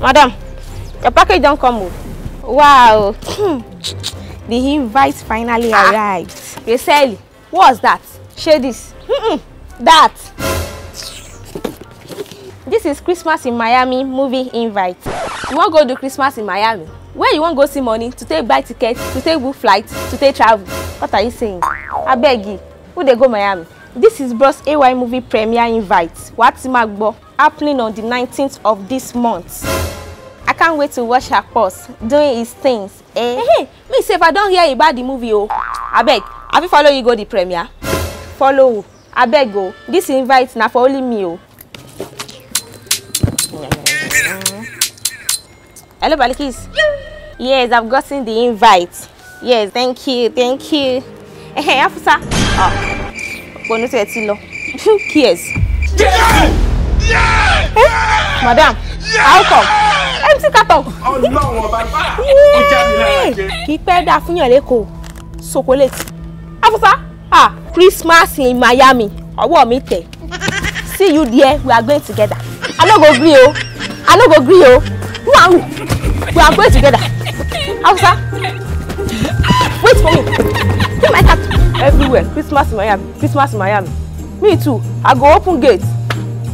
Madam, your package don't come Wow. The invite finally ah. arrived. Reseli, what's that? Share this. Mm-mm, that. This is Christmas in Miami movie invite. You wan go do Christmas in Miami? Where you wan go see money to take buy ticket, to take book flight, to take travel? What are you saying? I beg you. who they go Miami? This is Bros AY Movie Premiere Invite, What's Magbo happening on the 19th of this month. I can't wait to watch her post, doing his things. Eh? Hey, hey, me say if I don't hear about the movie, oh. beg. have you follow you go the premiere? Follow, I beg, go. Oh, this invite now for only me, oh. Hello, Balikis. Yes, I've gotten the invite. Yes, thank you, thank you. Hey, eh, eh, officer. Oh. pọnú tí ẹ ti lọ kíyès. madam how come empty carton. ọlọ́run ọba bá ọjà mi lára jẹ. kì í pẹ́ dáa fún yàn lẹ́kọ̀ọ́ sokoleti afusa ah Christmas in Miami ọwọ́ mi tẹ̀ see you there we are going together i no go gree o i no go gree o no we are going together. everywhere christmas in miami christmas in miami me too i go open gates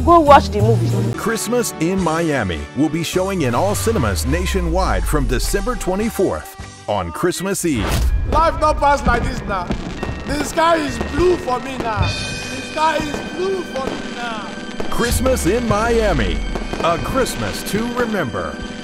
go watch the movie. Christmas in Miami will be showing in all cinemas nationwide from December 24th on Christmas Eve. Life not pass like this now. The sky is blue for me now. The sky is blue for me now. Christmas in Miami, a Christmas to remember.